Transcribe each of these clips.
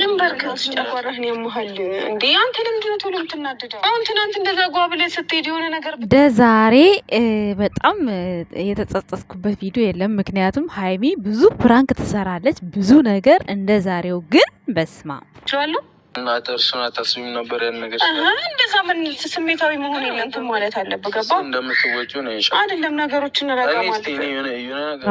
ልምበርግ ውስጥ ጨጓራህን ያመሃል እንዴ? አንተ ነው ቶሎ የምትናደደው? አሁን ትናንት እንደዛ ጓ ብለህ ስትሄድ የሆነ ነገር በጣም የተጸጸስኩበት ቪዲዮ የለም። ምክንያቱም ሀይሚ ብዙ ፕራንክ ትሰራለች፣ ብዙ ነገር እንደ ዛሬው ግን በስማ እናት እርሱን አታስቢም ነበር ያን ነገር እንደዛ ምን ስሜታዊ መሆን የለንትን ማለት አለብህ። ገባ እንደምትወጪው ነው አይደለም ነገሮችን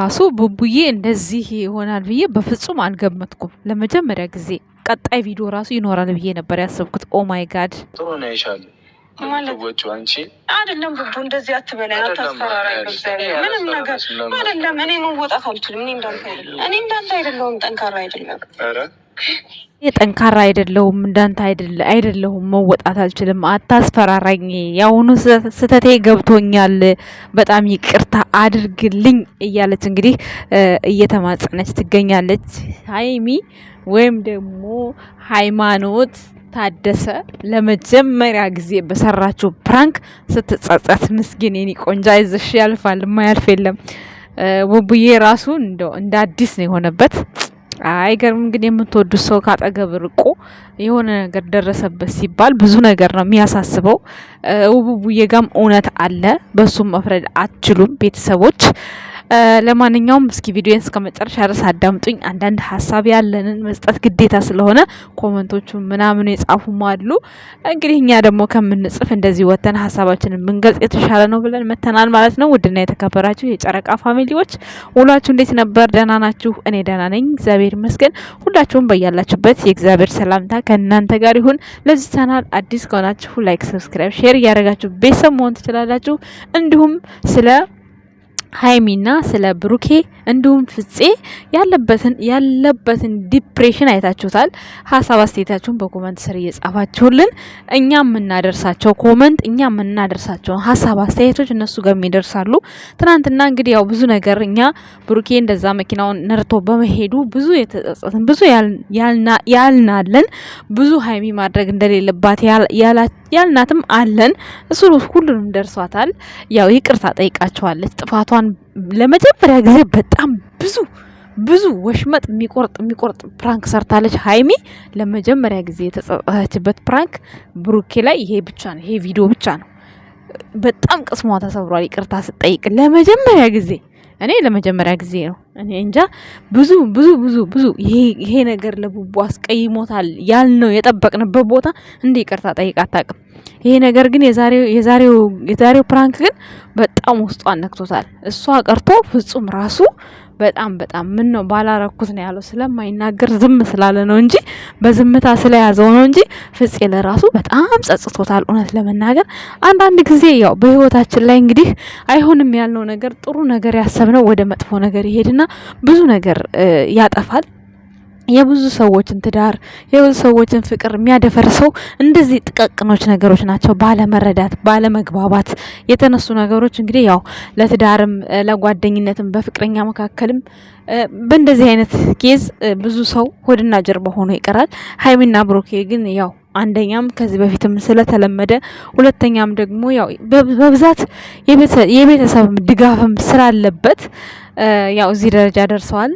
ራሱ ቡቡዬ እንደዚህ ይሆናል ብዬ በፍጹም አልገመትኩም። ለመጀመሪያ ጊዜ ቀጣይ ቪዲዮ ራሱ ይኖራል ብዬ ነበር ያሰብኩት። ኦ ማይ ጋድ ጥሩ ነው ይሻል ወጪው አንቺ አይደለም ቡቡ እንደዚህ አትበላይ፣ አታስፈራራኝ። ምንም ነገር አይደለም። እኔ መወጣት አልችልም። እኔ እንዳንተ እኔ እንዳንተ አይደለሁም፣ ጠንካራ አይደለም ጠንካራ አይደለሁም እንዳንተ አይደለሁም መወጣት አልችልም፣ አታስፈራራኝ። የአሁኑ ስህተቴ ገብቶኛል፣ በጣም ይቅርታ አድርግልኝ እያለች እንግዲህ እየተማጸነች ትገኛለች። ሀይሚ ወይም ደግሞ ሃይማኖት ታደሰ ለመጀመሪያ ጊዜ በሰራችው ፕራንክ ስትጸጸት፣ ምስጊን የኔ ቆንጆ አይዞሽ፣ ያልፋል፣ ማያልፍ የለም። ውብዬ ራሱ እንደ አዲስ ነው የሆነበት። አይገርም ግን የምትወዱት ሰው ካጠገብ ርቆ የሆነ ነገር ደረሰበት ሲባል ብዙ ነገር ነው የሚያሳስበው። ውቡቡዬ ጋም እውነት አለ። በሱም መፍረድ አትችሉም ቤተሰቦች። ለማንኛውም እስኪ ቪዲዮን እስከ መጨረሻ ድረስ አዳምጡኝ። አንዳንድ ሀሳብ ያለንን መስጠት ግዴታ ስለሆነ ኮመንቶቹ ምናምኑ የጻፉም አሉ። እንግዲህ እኛ ደግሞ ከምንጽፍ እንደዚህ ወተን ሀሳባችንን ብንገልጽ የተሻለ ነው ብለን መተናል ማለት ነው። ውድና የተከበራችሁ የጨረቃ ፋሚሊዎች ውሏችሁ እንዴት ነበር? ደህና ናችሁ? እኔ ደህና ነኝ፣ እግዚአብሔር ይመስገን። ሁላችሁም በያላችሁበት የእግዚአብሔር ሰላምታ ከእናንተ ጋር ይሁን። ለዚህ ቻናል አዲስ ከሆናችሁ ላይክ፣ ሰብስክራይብ፣ ሼር እያደረጋችሁ ቤተሰብ መሆን ትችላላችሁ። እንዲሁም ስለ ሀይሚና ስለ ብሩኬ እንዲሁም ፍፄ ያለበትን ያለበትን ዲፕሬሽን አይታችሁታል። ሀሳብ አስተያየታችሁን በኮመንት ስር እየጻፋችሁልን እኛ የምናደርሳቸው ኮመንት እኛ የምናደርሳቸውን ሀሳብ አስተያየቶች እነሱ ጋር የሚደርሳሉ። ትናንትና እንግዲህ ያው ብዙ ነገር እኛ ብሩኬ እንደዛ መኪናውን ነርቶ በመሄዱ ብዙ የተጸጸትን ብዙ ያልናለን ብዙ ሀይሚ ማድረግ እንደሌለባት ያላቸው ያልናትም አለን። እሱ ሁሉንም ደርሷታል። ያው ይቅርታ ጠይቃቸዋለች። ጥፋቷን ለመጀመሪያ ጊዜ በጣም ብዙ ብዙ ወሽመጥ የሚቆርጥ የሚቆርጥ ፕራንክ ሰርታለች። ሀይሚ ለመጀመሪያ ጊዜ የተጸጸተችበት ፕራንክ ብሩኬ ላይ ይሄ ብቻ ነው። ይሄ ቪዲዮ ብቻ ነው። በጣም ቅስሟ ተሰብሯል። ይቅርታ ስጠይቅ ለመጀመሪያ ጊዜ እኔ ለመጀመሪያ ጊዜ ነው። እኔ እንጃ ብዙ ብዙ ብዙ ብዙ ይሄ ነገር ለቡቡ አስቀይሞታል ያልነው የጠበቅንበት ቦታ እንደ ይቅርታ ጠይቃ አታውቅም። ይሄ ነገር ግን የዛሬው ፕራንክ ግን በጣም ውስጧን ነክቶታል። እሷ ቀርቶ ፍጹም ራሱ በጣም በጣም ምን ነው ባላረኩት ነው ያለው። ስለማይናገር ዝም ስላለ ነው እንጂ በዝምታ ስለያዘው ነው እንጂ ፍፄ ለራሱ በጣም ጸጽቶታል። እውነት ለመናገር አንዳንድ ጊዜ ያው በህይወታችን ላይ እንግዲህ አይሆንም ያልነው ነገር ጥሩ ነገር ያሰብነው ወደ መጥፎ ነገር ይሄድና ብዙ ነገር ያጠፋል። የብዙ ሰዎችን ትዳር የብዙ ሰዎችን ፍቅር የሚያደፈርሰው እንደዚህ ጥቃቅኖች ነገሮች ናቸው። ባለመረዳት፣ ባለመግባባት የተነሱ ነገሮች እንግዲህ ያው ለትዳርም፣ ለጓደኝነትም በፍቅረኛ መካከልም በእንደዚህ አይነት ኬዝ ብዙ ሰው ሆድና ጀርባ ሆኖ ይቀራል። ሀይሚና ብሩኬ ግን ያው አንደኛም ከዚህ በፊትም ስለተለመደ፣ ሁለተኛም ደግሞ ያው በብዛት የቤተሰብም ድጋፍም ስላለበት ያው እዚህ ደረጃ ደርሰዋል።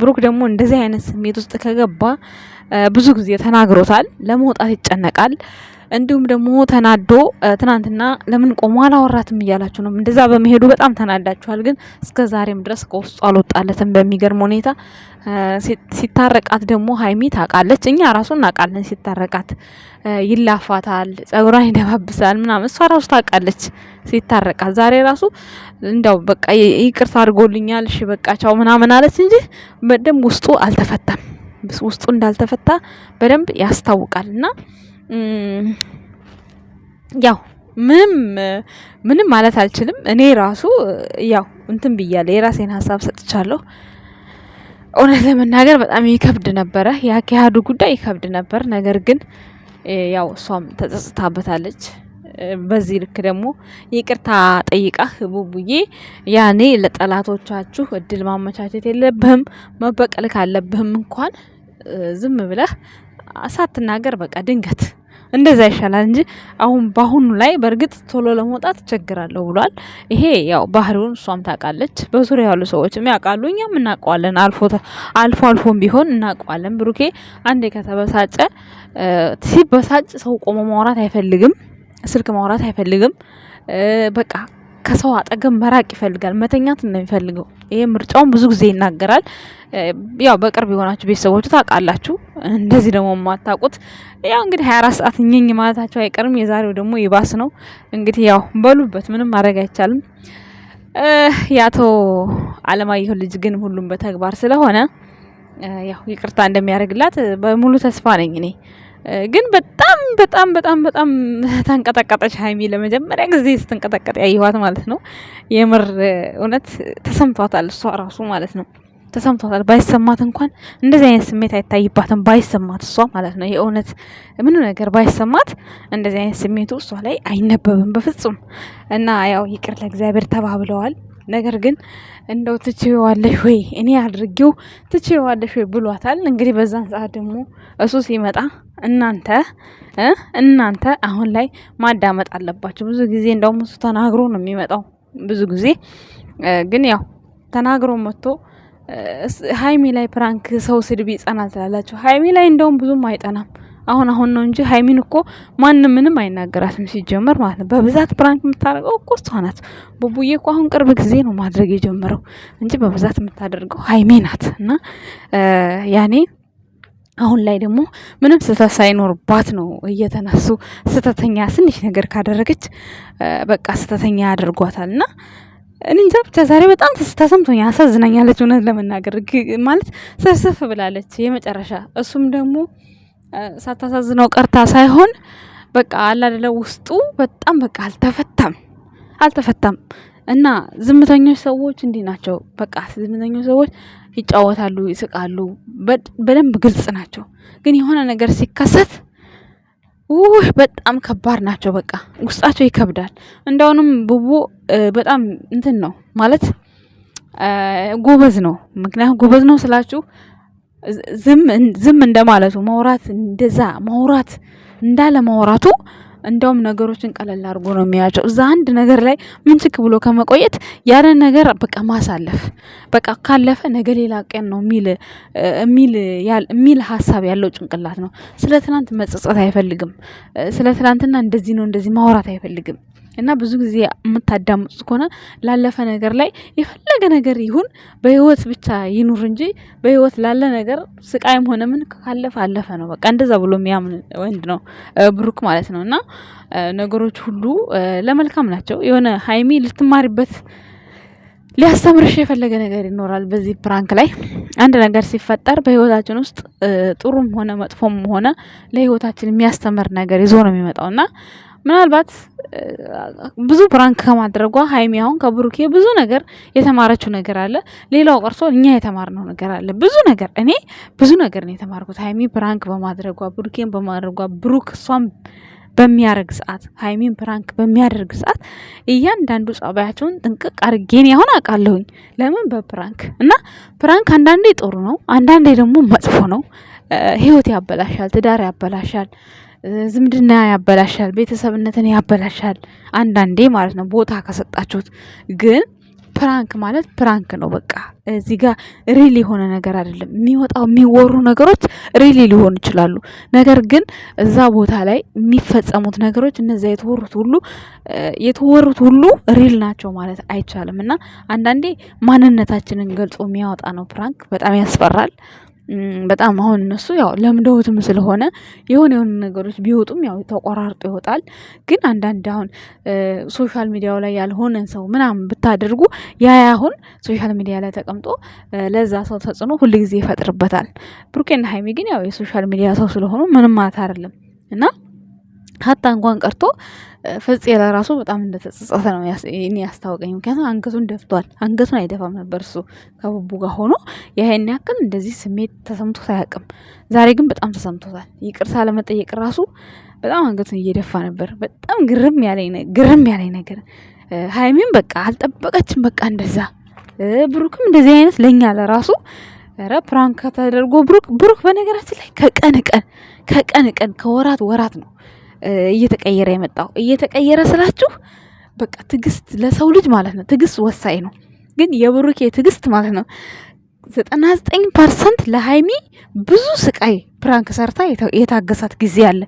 ብሩክ ደግሞ እንደዚህ አይነት ስሜት ውስጥ ከገባ ብዙ ጊዜ ተናግሮታል፣ ለመውጣት ይጨነቃል። እንዲሁም ደግሞ ተናዶ ትናንትና ለምን ቆሞ አላወራትም እያላችሁ ነው። እንደዛ በመሄዱ በጣም ተናዳችኋል። ግን እስከ ዛሬም ድረስ ከውስጡ አልወጣለትም በሚገርም ሁኔታ። ሲታረቃት ደግሞ ሀይሚ ታውቃለች፣ እኛ ራሱ እናውቃለን። ሲታረቃት ይላፋታል፣ ጸጉሯን ይደባብሳል ምናምን፣ እሷ ራሱ ታውቃለች። ሲታረቃት ዛሬ ራሱ እንዲያው በቃ ይቅርታ አድርጎልኛል፣ እሺ በቃ ቻው ምናምን አለች እንጂ በደንብ ውስጡ አልተፈታም። ውስጡ እንዳልተፈታ በደንብ ያስታውቃል እና ያው ምንም ምንም ማለት አልችልም። እኔ ራሱ ያው እንትን ብያለሁ፣ የራሴን ሀሳብ ሰጥቻለሁ። እውነት ለመናገር በጣም ይከብድ ነበረ፣ የአካሄዱ ጉዳይ ይከብድ ነበር። ነገር ግን ያው እሷም ተጸጽታበታለች። በዚህ ልክ ደግሞ ይቅርታ ጠይቃህ ህቡቡዬ ያኔ ለጠላቶቻችሁ እድል ማመቻቸት የለብህም። መበቀል ካለብህም እንኳን ዝም ብለህ ሳትናገር በቃ ድንገት እንደዛ ይሻላል እንጂ አሁን በአሁኑ ላይ በእርግጥ ቶሎ ለመውጣት እቸግራለሁ ብሏል። ይሄ ያው ባህሪውን እሷም ታውቃለች፣ በዙሪያ ያሉ ሰዎችም ያውቃሉ፣ እኛም እናውቀዋለን። አልፎ አልፎ አልፎም ቢሆን እናውቀዋለን። ብሩኬ አንዴ ከተበሳጨ ሲበሳጭ ሰው ቆሞ ማውራት አይፈልግም፣ ስልክ ማውራት አይፈልግም። በቃ ከሰው አጠገብ መራቅ ይፈልጋል። መተኛት ነው የሚፈልገው። ይሄ ምርጫውን ብዙ ጊዜ ይናገራል። ያው በቅርብ የሆናችሁ ቤተሰቦቹ ታውቃላችሁ። እንደዚህ ደግሞ የማታውቁት ያው እንግዲህ ሀያ አራት ሰዓት እኝኝ ማለታቸው አይቀርም። የዛሬው ደግሞ ይባስ ነው እንግዲህ ያው በሉበት፣ ምንም ማድረግ አይቻልም። የአቶ አለማየሁ ልጅ ግን ሁሉም በተግባር ስለሆነ ያው ይቅርታ እንደሚያደርግላት በሙሉ ተስፋ ነኝ እኔ ግን በጣም በጣም በጣም በጣም ተንቀጠቀጠች ሀይሚ። ለመጀመሪያ ጊዜ ስትንቀጠቀጥ ያየኋት ማለት ነው። የምር እውነት ተሰምቷታል፣ እሷ ራሱ ማለት ነው ተሰምቷታል። ባይሰማት እንኳን እንደዚህ አይነት ስሜት አይታይባትም። ባይሰማት እሷ ማለት ነው የእውነት ምኑ ነገር ባይሰማት እንደዚህ አይነት ስሜቱ እሷ ላይ አይነበብም በፍጹም። እና ያው ይቅር ለእግዚአብሔር ተባብለዋል። ነገር ግን እንደው ትችዋለሽ ወይ እኔ አድርጌው ትችዋለሽ ወይ ብሏታል። እንግዲህ በዛን ሰዓት ደግሞ እሱ ሲመጣ እናንተ እናንተ አሁን ላይ ማዳመጥ አለባቸው። ብዙ ጊዜ እንደውም እሱ ተናግሮ ነው የሚመጣው። ብዙ ጊዜ ግን ያው ተናግሮ መጥቶ ሀይሚ ላይ ፕራንክ ሰው ስድብ ይጸናል ትላላችሁ። ሀይሚ ላይ እንደውም ብዙም አይጠናም። አሁን አሁን ነው እንጂ ሀይሚን እኮ ማንም ምንም አይናገራትም ሲጀመር ማለት ነው። በብዛት ፕራንክ የምታደርገው እኮ እሷ ናት። ቡቡዬ እኮ አሁን ቅርብ ጊዜ ነው ማድረግ የጀመረው እንጂ በብዛት የምታደርገው ሀይሜ ናት። እና ያኔ አሁን ላይ ደግሞ ምንም ስህተት ሳይኖርባት ነው እየተነሱ ስህተተኛ ትንሽ ነገር ካደረገች በቃ ስህተተኛ ያደርጓታል እና እንጃ ብቻ ዛሬ በጣም ተሰምቶኛል። አሳዝናኛለች እውነት ለመናገር ማለት ሰፍሰፍ ብላለች የመጨረሻ እሱም ደግሞ ሳታሳዝነው ቀርታ ሳይሆን በቃ አላደለ ውስጡ በጣም በቃ አልተፈታም አልተፈታም። እና ዝምተኞች ሰዎች እንዲህ ናቸው። በቃ ዝምተኞች ሰዎች ይጫወታሉ፣ ይስቃሉ፣ በደንብ ግልጽ ናቸው። ግን የሆነ ነገር ሲከሰት ውህ በጣም ከባድ ናቸው። በቃ ውስጣቸው ይከብዳል። እንደውንም ቡቡ በጣም እንትን ነው ማለት ጎበዝ ነው። ምክንያቱም ጎበዝ ነው ስላችሁ ዝም ዝም እንደማለቱ ማውራት እንደዛ ማውራት እንዳለ ማውራቱ እንደውም ነገሮችን ቀለል አድርጎ ነው የሚያቸው። እዛ አንድ ነገር ላይ ምንችክ ብሎ ከመቆየት ያንን ነገር በቃ ማሳለፍ በቃ ካለፈ ነገ ሌላ ቀን ነው የሚል ሀሳብ ያለው ጭንቅላት ነው። ስለ ትናንት መጸጸት አይፈልግም። ስለ ትናንትና እንደዚህ ነው እንደዚህ ማውራት አይፈልግም። እና ብዙ ጊዜ የምታዳምጡት ከሆነ ላለፈ ነገር ላይ የፈለገ ነገር ይሁን በህይወት ብቻ ይኑር እንጂ በህይወት ላለ ነገር ስቃይም ሆነ ምን ካለፈ አለፈ ነው በቃ እንደዛ ብሎ የሚያምን ወንድ ነው ብሩክ ማለት ነው። እና ነገሮች ሁሉ ለመልካም ናቸው። የሆነ ሀይሚ ልትማሪበት ሊያስተምርሽ የፈለገ ነገር ይኖራል። በዚህ ፕራንክ ላይ አንድ ነገር ሲፈጠር በህይወታችን ውስጥ ጥሩም ሆነ መጥፎም ሆነ ለህይወታችን የሚያስተምር ነገር ይዞ ነው የሚመጣው እና ምናልባት ብዙ ፕራንክ ከማድረጓ ሀይሚ አሁን ከብሩኬ ብዙ ነገር የተማረችው ነገር አለ። ሌላው ቀርሶ እኛ የተማርነው ነገር አለ። ብዙ ነገር እኔ ብዙ ነገር ነው የተማርኩት። ሀይሚ ፕራንክ በማድረጓ ብሩኬን በማድረጓ ብሩክ እሷን በሚያደርግ ሰዓት ሀይሚን ፕራንክ በሚያደርግ ሰዓት እያንዳንዱ ጸባያቸውን ጥንቅቅ አርጌን ያሁን አውቃለሁኝ። ለምን በፕራንክ እና ፕራንክ አንዳንዴ ጥሩ ነው፣ አንዳንዴ ደግሞ መጥፎ ነው። ህይወት ያበላሻል፣ ትዳር ያበላሻል። ዝምድና ያበላሻል፣ ቤተሰብነትን ያበላሻል። አንዳንዴ ማለት ነው ቦታ ከሰጣችሁት። ግን ፕራንክ ማለት ፕራንክ ነው። በቃ እዚህ ጋር ሪል የሆነ ነገር አይደለም የሚወጣው። የሚወሩ ነገሮች ሪል ሊሆኑ ይችላሉ። ነገር ግን እዛ ቦታ ላይ የሚፈጸሙት ነገሮች እነዚያ የተወሩት ሁሉ የተወሩት ሁሉ ሪል ናቸው ማለት አይቻልም። እና አንዳንዴ ማንነታችንን ገልጾ የሚያወጣ ነው ፕራንክ። በጣም ያስፈራል። በጣም አሁን እነሱ ያው ለምደውትም ስለሆነ የሆነ የሆኑ ነገሮች ቢወጡም ያው ተቆራርጦ ይወጣል። ግን አንዳንድ አሁን ሶሻል ሚዲያው ላይ ያልሆነን ሰው ምናምን ብታደርጉ ያ አሁን ሶሻል ሚዲያ ላይ ተቀምጦ ለዛ ሰው ተጽዕኖ ሁል ጊዜ ይፈጥርበታል። ብሩኬና ሀይሚ ግን ያው የሶሻል ሚዲያ ሰው ስለሆኑ ምንም ማለት አይደለም እና ሀታ እንኳን ቀርቶ ፍፄ ለራሱ በጣም እንደተጸጸተ ነው እኔ ያስታወቀኝ። ምክንያቱም አንገቱን ደፍቷል። አንገቱን አይደፋም ነበር እሱ ከቡቡ ጋር ሆኖ ይሄን ያክል እንደዚህ ስሜት ተሰምቶት አያውቅም። ዛሬ ግን በጣም ተሰምቶታል። ይቅርታ ለመጠየቅ ራሱ በጣም አንገቱን እየደፋ ነበር። በጣም ግርም ያለኝ ግርም ያለኝ ነገር ሀይሚም በቃ አልጠበቀችም። በቃ እንደዛ ብሩክም እንደዚህ አይነት ለእኛ ለራሱ ረ ፕራንክ ተደርጎ ብሩክ ብሩክ በነገራችን ላይ ከቀን ቀን ከቀን ቀን ከወራት ወራት ነው እየተቀየረ የመጣው እየተቀየረ ስላችሁ በቃ ትዕግስት ለሰው ልጅ ማለት ነው ትግስት ወሳኝ ነው። ግን የብሩኬ ትዕግስት ማለት ነው ዘጠና ዘጠኝ ፐርሰንት ለሀይሚ ብዙ ስቃይ ፕራንክ ሰርታ የታገሳት ጊዜ አለ።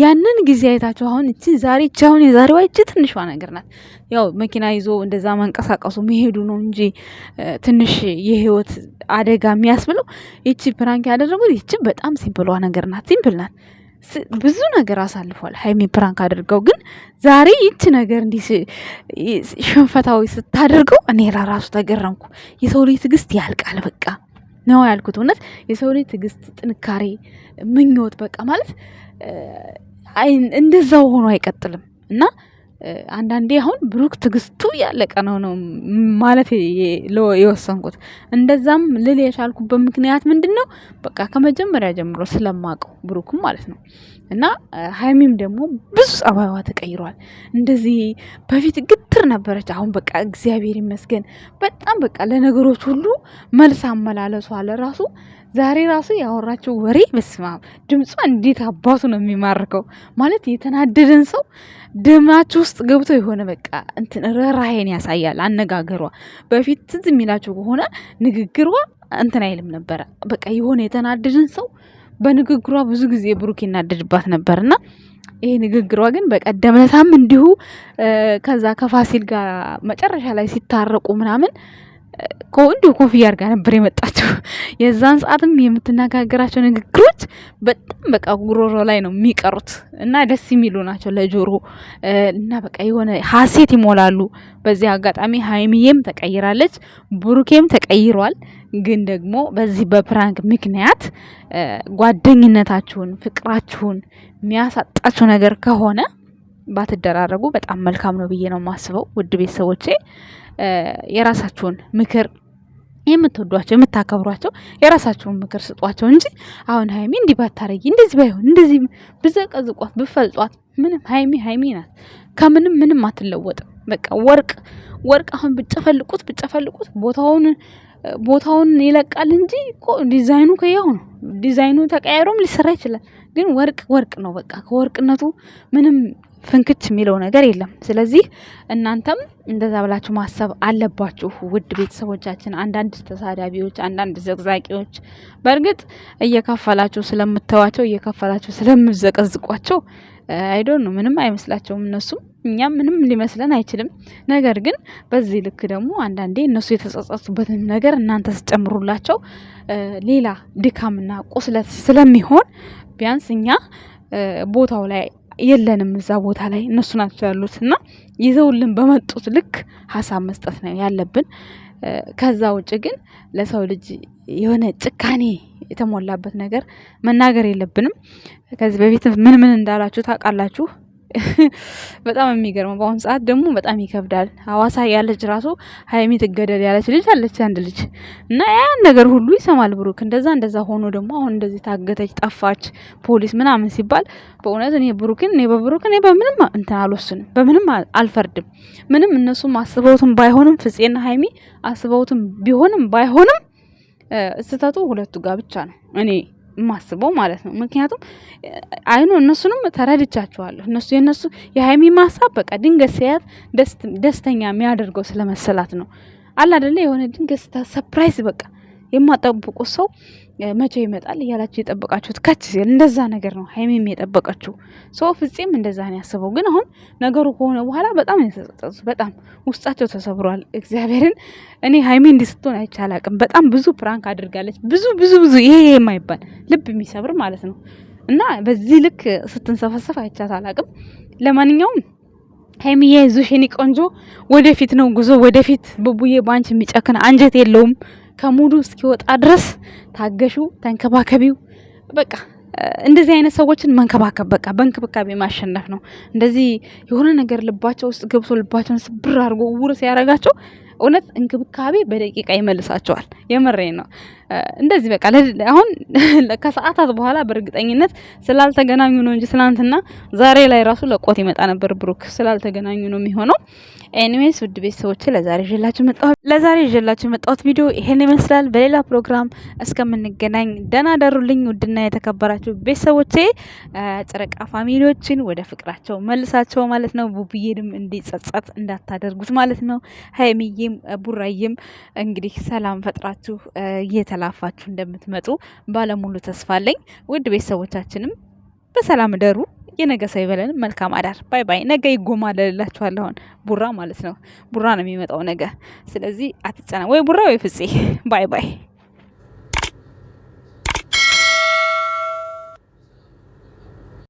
ያንን ጊዜ አይታችሁ አሁን እቺ ዛሬ እቺ አሁን የዛሬዋ እቺ ትንሿ ነገር ናት። ያው መኪና ይዞ እንደዛ መንቀሳቀሱ መሄዱ ነው እንጂ ትንሽ የህይወት አደጋ የሚያስብለው ይቺ ፕራንክ ያደረጉት ይቺ በጣም ሲምፕሏ ነገር ናት። ሲምፕል ናት። ብዙ ነገር አሳልፏል። ሀይሚ ፕራንክ አድርገው ግን ዛሬ ይች ነገር እንዲህ ሽንፈታዊ ስታደርገው እኔ ራሱ ተገረምኩ። የሰው ልጅ ትዕግስት ያልቃል በቃ ነው ያልኩት። እውነት የሰው ልጅ ትዕግስት፣ ጥንካሬ፣ ምኞት በቃ ማለት እንደዛው ሆኖ አይቀጥልም እና አንዳንዴ አሁን ብሩክ ትግስቱ ያለቀ ነው ነው ማለት የወሰንኩት። እንደዛም ልል የቻልኩበት ምክንያት ምንድን ነው? በቃ ከመጀመሪያ ጀምሮ ስለማቀው ብሩክም ማለት ነው እና ሀይሚም ደግሞ ብዙ ጸባይዋ ተቀይሯል። እንደዚህ በፊት ግትር ነበረች። አሁን በቃ እግዚአብሔር ይመስገን በጣም በቃ ለነገሮች ሁሉ መልስ አመላለሷ ለራሱ ዛሬ ራሱ ያወራቸው ወሬ በስማም ድምጿ እንዴት አባቱ ነው የሚማርከው። ማለት የተናደደን ሰው ደማችሁ ውስጥ ገብቶ የሆነ በቃ እንትን ርህራሄን ያሳያል አነጋገሯ። በፊት ትዝ የሚላቸው ከሆነ ንግግሯ እንትን አይልም ነበረ። በቃ የሆነ የተናደደን ሰው በንግግሯ ብዙ ጊዜ ብሩክ ይናደድባት ነበርና ይሄ ንግግሯ ግን በቀደም ዕለታም እንዲሁ ከዛ ከፋሲል ጋር መጨረሻ ላይ ሲታረቁ ምናምን እንዲሁ ኮፍያ አድርጋ ነበር የመጣችው። የዛን ሰዓትም የምትነጋገራቸው ንግግሮች በጣም በቃ ጉሮሮ ላይ ነው የሚቀሩት እና ደስ የሚሉ ናቸው ለጆሮ እና በቃ የሆነ ሀሴት ይሞላሉ። በዚህ አጋጣሚ ሀይሚዬም ተቀይራለች፣ ብሩኬም ተቀይሯል። ግን ደግሞ በዚህ በፕራንክ ምክንያት ጓደኝነታችሁን ፍቅራችሁን የሚያሳጣችሁ ነገር ከሆነ ባትደራረጉ በጣም መልካም ነው ብዬ ነው የማስበው ውድ ቤተሰቦቼ። የራሳችሁን ምክር የምትወዷቸው የምታከብሯቸው የራሳቸውን ምክር ስጧቸው እንጂ አሁን ሀይሚ እንዲህ ባታረጊ እንደዚህ ባይሆን እንደዚህ ብዘቀዝቋት ብፈልጧት ምንም ሀይሚ ሀይሚ ናት። ከምንም ምንም አትለወጥም። በቃ ወርቅ ወርቅ አሁን ብጨፈልቁት ብጨፈልቁት ቦታውን ቦታውን ይለቃል እንጂ ዲዛይኑ ከያው ነው። ዲዛይኑ ተቀያይሮም ሊሰራ ይችላል። ግን ወርቅ ወርቅ ነው። በቃ ከወርቅነቱ ምንም ፍንክች የሚለው ነገር የለም። ስለዚህ እናንተም እንደዛ ብላችሁ ማሰብ አለባችሁ ውድ ቤተሰቦቻችን። አንዳንድ ተሳዳቢዎች፣ አንዳንድ ዘቅዛቂዎች በእርግጥ እየከፈላችሁ ስለምተዋቸው እየከፈላችሁ ስለምዘቀዝቋቸው አይዶን ምንም አይመስላቸውም እነሱም እኛም ምንም ሊመስለን አይችልም። ነገር ግን በዚህ ልክ ደግሞ አንዳንዴ እነሱ የተጸጸቱበትን ነገር እናንተ ስጨምሩላቸው ሌላ ድካምና ቁስለት ስለሚሆን ቢያንስ እኛ ቦታው ላይ የለንም እዛ ቦታ ላይ እነሱ ናቸው ያሉት እና ይዘውልን በመጡት ልክ ሀሳብ መስጠት ነው ያለብን። ከዛ ውጭ ግን ለሰው ልጅ የሆነ ጭካኔ የተሞላበት ነገር መናገር የለብንም። ከዚህ በፊት ምን ምን እንዳላችሁ ታውቃላችሁ። በጣም የሚገርመው በአሁኑ ሰዓት ደግሞ በጣም ይከብዳል። ሀዋሳ ያለች ራሱ ሀይሚ ትገደል ያለች ልጅ አለች አንድ ልጅ እና ያን ነገር ሁሉ ይሰማል ብሩክ። እንደዛ እንደዛ ሆኖ ደግሞ አሁን እንደዚህ ታገተች፣ ጠፋች፣ ፖሊስ ምናምን ሲባል በእውነት እኔ ብሩክን እኔ በብሩክ እኔ በምንም እንትን አልወስንም፣ በምንም አልፈርድም። ምንም እነሱም አስበውትም ባይሆንም ፍፄና ሀይሚ አስበውትም ቢሆንም ባይሆንም ስህተቱ ሁለቱ ጋር ብቻ ነው እኔ ማስበው ማለት ነው። ምክንያቱም አይኑ እነሱንም ተረድቻችኋለሁ። እነሱ የነሱ የሀይሚ ማሳብ በቃ ድንገት ሲያት ደስተኛ የሚያደርገው ስለመሰላት ነው። አላደለ የሆነ ድንገት ሰፕራይዝ በቃ የማጠብቁ ሰው መቼ ይመጣል እያላችሁ የጠበቃችሁት ከች ሲል እንደዛ ነገር ነው ሀይሜም የጠበቀችው ሰው ፍፄም እንደዛ ነው ያስበው። ግን አሁን ነገሩ ከሆነ በኋላ በጣም የተጸጸቱ በጣም ውስጣቸው ተሰብሯል። እግዚአብሔርን እኔ ሀይሜ እንዲህ ስትሆን አይቼ በጣም ብዙ ፕራንክ አድርጋለች። ብዙ ብዙ ብዙ ይሄ የማይባል ልብ የሚሰብር ማለት ነው እና በዚህ ልክ ስትንሰፈሰፍ አይቻት አላቅም። ለማንኛውም ሀይሚዬ ዙሽኒ ቆንጆ፣ ወደፊት ነው ጉዞ ወደፊት። ቡቡዬ ባንች የሚጨክን አንጀት የለውም። ከሙዱ እስኪወጣ ድረስ ታገሹ፣ ተንከባከቢው። በቃ እንደዚህ አይነት ሰዎችን መንከባከብ በቃ በእንክብካቤ ማሸነፍ ነው። እንደዚህ የሆነ ነገር ልባቸው ውስጥ ገብቶ ልባቸውን ስብር አድርጎ ውር ሲያደርጋቸው እውነት እንክብካቤ በደቂቃ ይመልሳቸዋል። የምሬ ነው። እንደዚህ በቃ አሁን ከሰዓታት በኋላ በእርግጠኝነት ስላልተገናኙ ነው እንጂ ትናንትና ዛሬ ላይ ራሱ ለቆት ይመጣ ነበር ብሩክ። ስላልተገናኙ ነው የሚሆነው። ኤኒዌይስ ውድ ቤተሰቦቼ ለዛሬ ይዤላችሁ መጣሁት ለዛሬ ይዤላችሁ መጣሁት ቪዲዮ ይሄን ይመስላል። በሌላ ፕሮግራም እስከምንገናኝ ደህና ደሩልኝ። ውድና የተከበራችሁ ቤተሰቦቼ ጨረቃ ፋሚሊዎችን ወደ ፍቅራቸው መልሳቸው ማለት ነው። ቡቡዬንም እንዲጸጸት እንዳታደርጉት ማለት ነው። ሀይሚዬም ቡራዬም እንግዲህ ሰላም ፈጥራችሁ የተ እየተላፋችሁ እንደምትመጡ ባለሙሉ ተስፋ አለኝ። ውድ ቤተሰቦቻችንም በሰላም እደሩ። የነገ ሰው ይበለን። መልካም አዳር። ባይ ባይ። ነገ ይጎማለልላችኋል። አሁን ቡራ ማለት ነው ቡራ ነው የሚመጣው ነገ። ስለዚህ አትጨና ወይ ቡራ ወይ ፍፄ። ባይ ባይ።